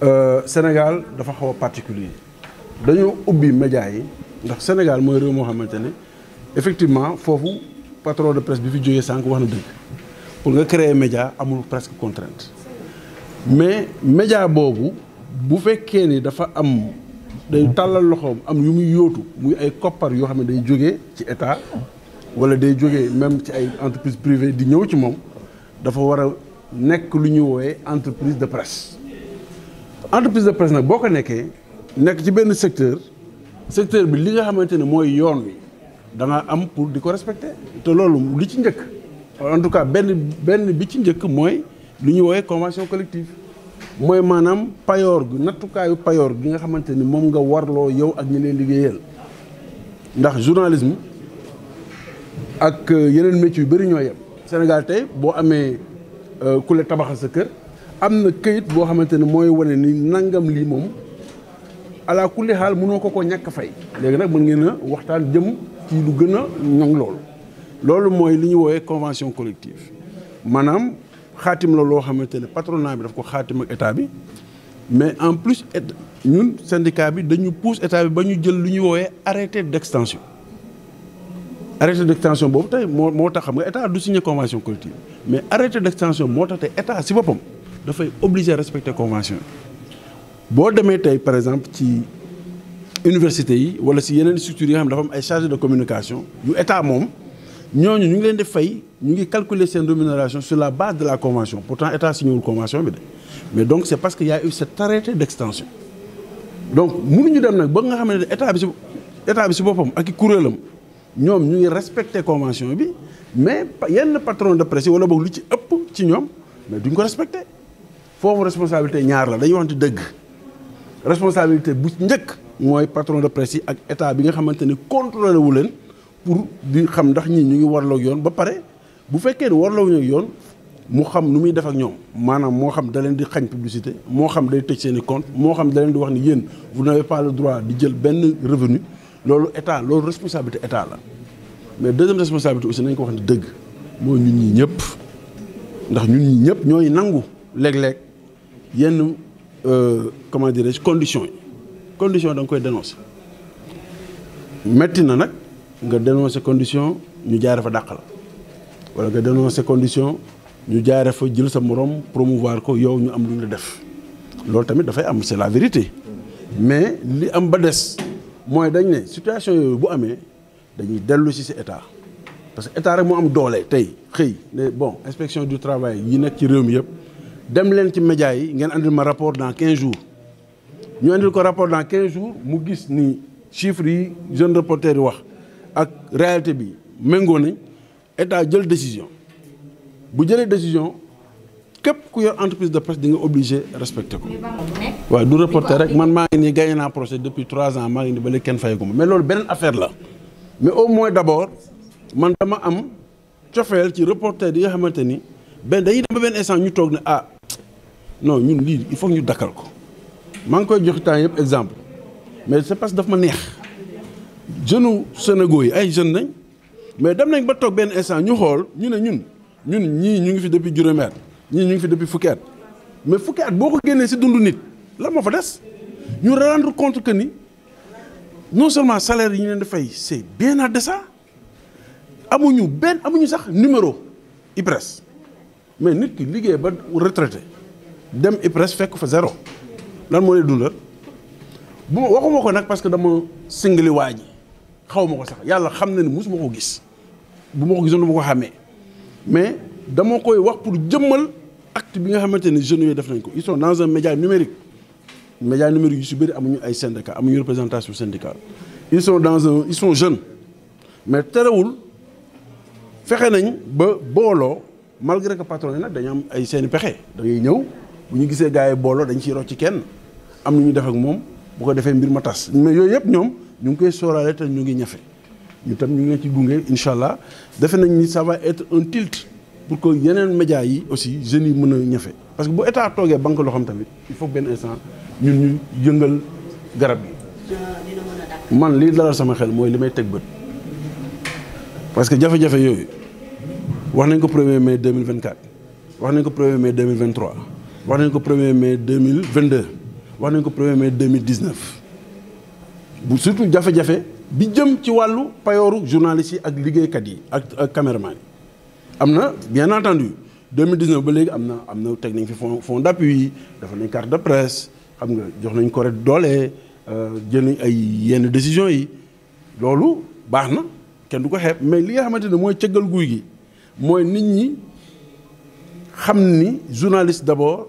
Euh, Sénégal est particulier média yi Sénégal effectivement, il faut que effectivement patron de presse bi fi wax na pour nga créer média amul presque contrainte mais média médias, bu vous ni dafa am day am même entreprise privée di ñëw ci moom dafa entreprise de presse entreprise de presse nag boo ko nekkee nekk ci benn secteur secteur bi li nga xamante ni mooy yoon wi da am pour di ko respecter te loolu lu ci njëkk en tout cas benn benn bi ci njëkk mooy lu ñuy woowee convention collective mooy maanaam payoor gi nattukaayu payoor gi nga xamante ni moom nga warloo yow ak ñi leen liggéeyal ndax journalisme ak yeneen métier yu bëri ñoo yem Sénégal tey boo amee euh, ku la tabaxal sa kër amna na bo boo moy wone ni nangam li mom ala kulli hal mënoo ko ko ñàkk fay. léegi nak mën ngeen a waxtaan jëm ci lu gëna ñong lool lool moy li ñu woowee convention collective Manam, xaatim la lo xamante patronat bi daf ko xaatim ak état bi mais en plus ñun syndicat bi dañu pousse état bi bañu jël lu ñu woowee arrêté d'extension. arrêté d'extension, bobu tay mo moo tax xam nga état du signer convention collective mais arrêté d'extension, mo tax tay état si boppam obligés obligé respecter la convention Si vous métiers, par exemple ci l'université, yi wala si structure, structures yi xam de communication nous, état nous, nous ñu ngi leen sur la base de la convention pourtant a signé la convention mais donc c'est parce qu'il y' a eu cet arrêté d'extension. donc nous, dem dit nga a état bi si état bi si boppam ak i kuréelam ñu ngi respecté convention mais patron de presse wala de lu ci ëpp ci nous, mais foofu responsabilité ñaar la dañuy waxante deug responsabilité bu ñeuk moy patron de presse ak état bi nga xamante ni contrôlé wu len pour di xam ndax ñi ñu ngi warloog yoon ba paré bu fekkee ni warloog ñoom yoon mu xam nu muy def ak ñom manam mo xam da leen di xañ publicité mo xam day tëj seen compte mo xam da leen di wax ni yeen vous n'avez pas le droit di jël ben revenu lolu état lolu responsabilité état la mais deuxième responsabilité aussi nañ ko wax ni deug moy ñun ñi ñëpp ndax ñun ñi ñëpp ñoy nangu léeg-léeg yenn euh, comment dire conditions conditions da nga koy dénoncer metti na nag nga dénoncer condition ñu jaare fa dàq la wala nga dénoncer condition ñu jaare fa jël sa morom promouvoir ko yow ñu am lu def loolu tamit dafay am c'est la vérité mais li am ba des mooy dañ ne situation yooyu bu amee dañuy dellu ci sa état parce que état rek moo am doole tey xëy ne bon inspection du travail yi nekk ci réew mi yëpp dem leen ci médias yi ngeen andil ma rapport dans 15 jours ñu andil ko rapport dans 15 jours mu gis ni chiffres yi jeune reporter yi wax ak réalité bi méngoo nañ état jël décision bu jëlee décision képp ku yor entreprise de presse di nga obligé respecté ko. waaw du reporter rek man maa ngi nii gagné naa procès depuis 3 ans maa ngi nii ba léegi kenn fay ko ma mais loolu beneen affaire la mais au moins d' abord man dama am cofeel ci reporter yi nga xamante ni benn dañuy dem ba benn instant ñu toog ne ah non nous il faut ñu nous ko pas vous exemple mais c'est parce que daf ma neex jeunes Sénégal jeunes mais dem nañ ba toog benn instant ñu nous nous ne ñun depuis Duremer, ñu depuis Fouquet. mais Fouquet at boo ko dundu nit La nous compte que non seulement salaire yi ñu c'est bien indécent amuñu Nous amuñu sax numéro presse. mais nit ki liggéey ba retraité dem IPRES fekk fa zéro lan moo lay dundal bu waxuma ko nag parce que dama singali waa ji xaw ko sax yàlla xam na ni mosuma ko gis bu ma ko gisoon bu ma ko xàmmee mais dama koy wax pour jëmmal acte bi nga xamante ne jeunes yooyu def nañ ko ils sont dans un média numérique média numérique yu si bëri amuñu ay syndicat amuñu représentation syndicale ils sont dans un ils sont jeunes mais terewul fexe nañ ba booloo malgré que patron yi nag dañu am ay seeni pexe da ngay ñëw bu ñu gisee gars yi booloo dañ ciy rocc kenn am na ñu def ak moom bu ko defee mbir ma tas mais yooyu yëpp ñoom ñu ngi koy sóoraale te ñu ngi ñafe ñu tam ñu ngi ci gunge incha allah defe nañ ni ça va un tilt pour que yeneen médias yi aussi jeunes yi mën a ñafe parce que bu état toogee banque loo xam tamit il faut benn instant ñun ñu yëngal garab gi man li dalal sama xel mooy li may teg bët parce que jafe-jafe yooyu wax nañ ko premier mai 2024 wax nañ ko premier mai 2023 1er mai 2022 mille vingt wax nañ ko mai 2019. bu surtout jafé jafé bi jëm ci walu payoru journaliste ak liguey kat yi ak cameraman amna bien entendu 2019 ba légui amna amna am fi fond fond d'appui dafa nañ carte de presse xam nga jox nañ ko rek doole euh, jël nañ ay yenn décision yi lolou baxna kenn du ko xép mais li nga xamante moy mooy guuy gi moy nit ñi xamni journaliste d'abord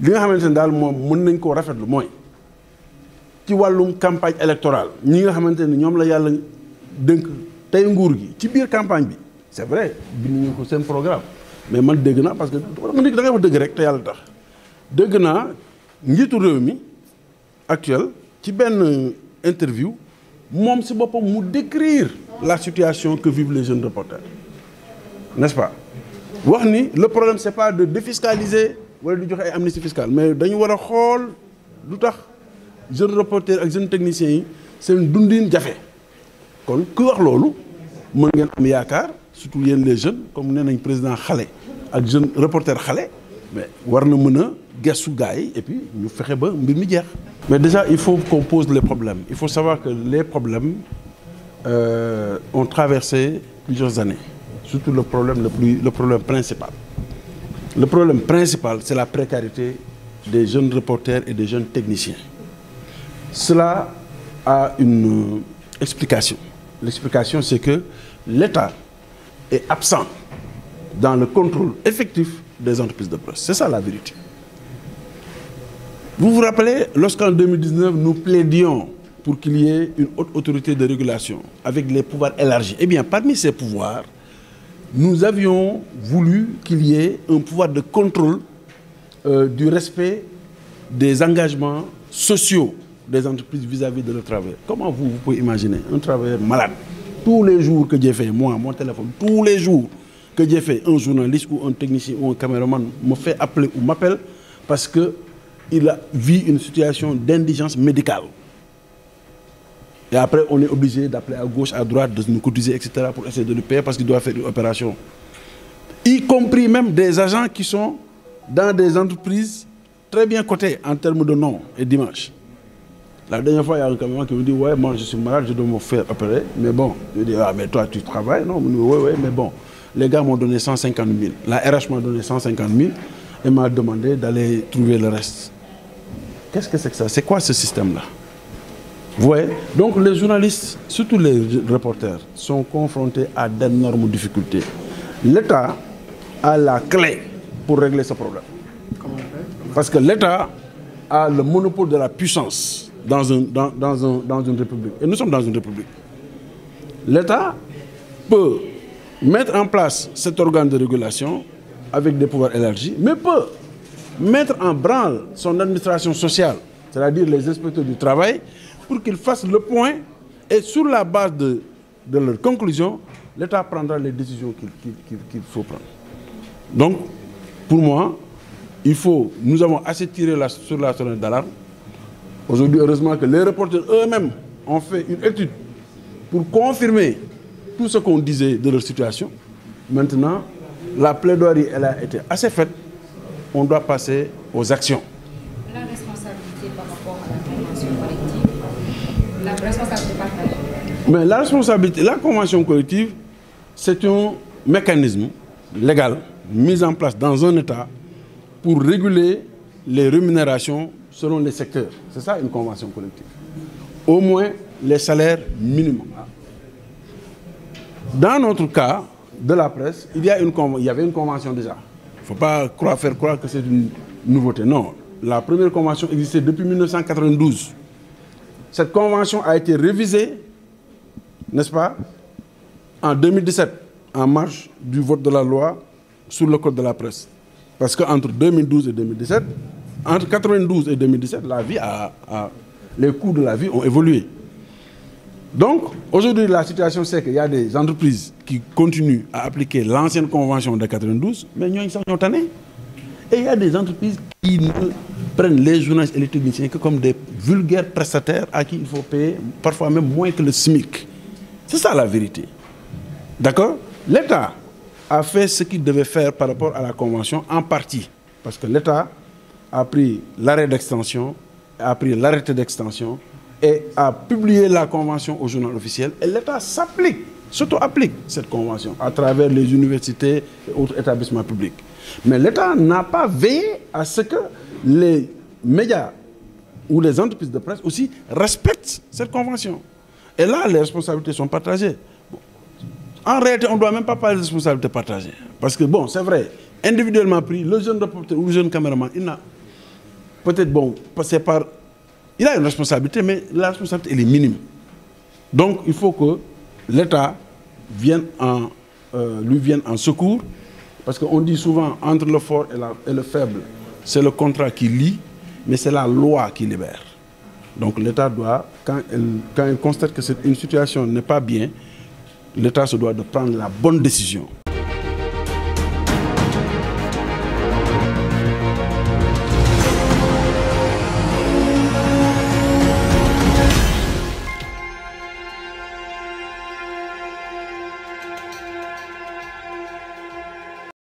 li nga xamante ne daal moom mën nañ koo rafetlu mooy ci wàllum campagne électorale ñi nga xamante ne ñoom la yàlla dënk tey nguur gi ci biir campagne bi c'est vrai bind ñu ko seen programme mais man dégg naa parce que man da ngay wax dëgg rek te yàlla tax dégg naa njiitu réew mi actuel ci benn interview moom si boppam mu décrire la situation que vivent les jeunes reporters n'est-ce pas wax ni le problème c'est pas de défiscaliser wala du joxe ay amnistie fiscale mais dañu war a xool lu tax jeune reporter ak jeune technicien yi seen dundin jafe kon ku wax loolu mën ngeen am yaakaar surtout les jeunes comme nee nañ président xale ak jeune reporter xale mais war na mën a gars et puis ñu fexe ba mbir mi mais déjà il faut qu'on pose les problèmes il faut savoir que les problèmes euh, ont traversé plusieurs années surtout le problème le problème principal. Le problème principal, c'est la précarité des jeunes reporters et des jeunes techniciens. Cela a une euh, explication. L'explication, c'est que l'État est absent dans le contrôle effectif des entreprises de presse. C'est ça la vérité. Vous vous rappelez, lorsqu'en 2019, nous plaidions pour qu'il y ait une haute autorité de régulation avec les pouvoirs élargis. Eh bien, parmi ces pouvoirs, nous avions voulu qu'il y ait un pouvoir de contrôle euh, du respect des engagements sociaux des entreprises vis-à-vis de leurs travailleurs. Comment vous, vous pouvez imaginer un travailleur malade Tous les jours que j'ai fait, moi, mon téléphone, tous les jours que j'ai fait, un journaliste ou un technicien ou un caméraman me fait appeler ou m'appelle parce qu'il vit une situation d'indigence médicale. Et après, on est obligé d'appeler à gauche, à droite, de nous cotiser, etc. pour essayer de le payer parce qu'il doit faire une opération. Y compris même des agents qui sont dans des entreprises très bien cotées en termes de nom et d'image. La dernière fois, il y a un camion qui me dit Ouais, moi je suis malade, je dois me faire opérer. Mais bon, je lui dis Ah, mais toi tu travailles Non, ouais, ouais, mais bon. Les gars m'ont donné 150 000. La RH m'a donné 150 000 et m'a demandé d'aller trouver le reste. Qu'est-ce que c'est que ça C'est quoi ce système-là donc les journalistes, surtout les reporters, sont confrontés à d'énormes difficultés. L'État a la clé pour régler ce problème. Parce que l'État a le monopole de la puissance dans, dans, dans une république. Et nous sommes dans une république. L'État peut mettre en place cet organe de régulation avec des pouvoirs élargis, mais peut mettre en branle son administration sociale, c'est-à-dire les inspecteurs du travail, pour qu'ils fassent le point et sur la base de, de leurs conclusions, l'État prendra les décisions qu'il faut prendre. Donc, pour moi, il faut, nous avons assez tiré sur la sonnette d'alarme. Aujourd'hui, heureusement que les reporters eux-mêmes ont fait une étude pour confirmer tout ce qu'on disait de leur situation. Maintenant, la plaidoirie, elle a été assez faite. On doit passer aux actions. Mais la responsabilité, la convention collective, c'est un mécanisme légal mis en place dans un État pour réguler les rémunérations selon les secteurs. C'est ça une convention collective. Au moins les salaires minimums. Dans notre cas de la presse, il y, a une il y avait une convention déjà. Il ne faut pas croire, faire croire que c'est une nouveauté. Non, la première convention existait depuis 1992. Cette convention a été révisée n'est-ce pas En 2017, en marge du vote de la loi sur le code de la presse. Parce qu'entre 2012 et 2017, entre 92 et 2017, la vie a, les coûts de la vie ont évolué. Donc, aujourd'hui, la situation, c'est qu'il y a des entreprises qui continuent à appliquer l'ancienne convention de 92, mais sont sont tannés. Et il y a des entreprises qui ne prennent les journalistes et les techniciens que comme des vulgaires prestataires à qui il faut payer parfois même moins que le SMIC. C'est ça la vérité. D'accord L'État a fait ce qu'il devait faire par rapport à la Convention en partie. Parce que l'État a pris l'arrêt d'extension, a pris l'arrêté d'extension et a publié la Convention au journal officiel. Et l'État s'applique, s'auto-applique cette Convention à travers les universités et autres établissements publics. Mais l'État n'a pas veillé à ce que les médias ou les entreprises de presse aussi respectent cette Convention. Et là, les responsabilités sont partagées. En réalité, on ne doit même pas parler de responsabilités partagées. Parce que, bon, c'est vrai, individuellement pris, le jeune reporter ou le jeune caméraman, il n'a peut-être, bon, passé par... Il a une responsabilité, mais la responsabilité, est minime. Donc, il faut que l'État vienne en, euh, lui vienne en secours, parce qu'on dit souvent, entre le fort et le faible, c'est le contrat qui lie, mais c'est la loi qui libère. Donc l'État doit, quand il, constate que une situation n'est pas bien, l'État se doit de prendre la bonne décision.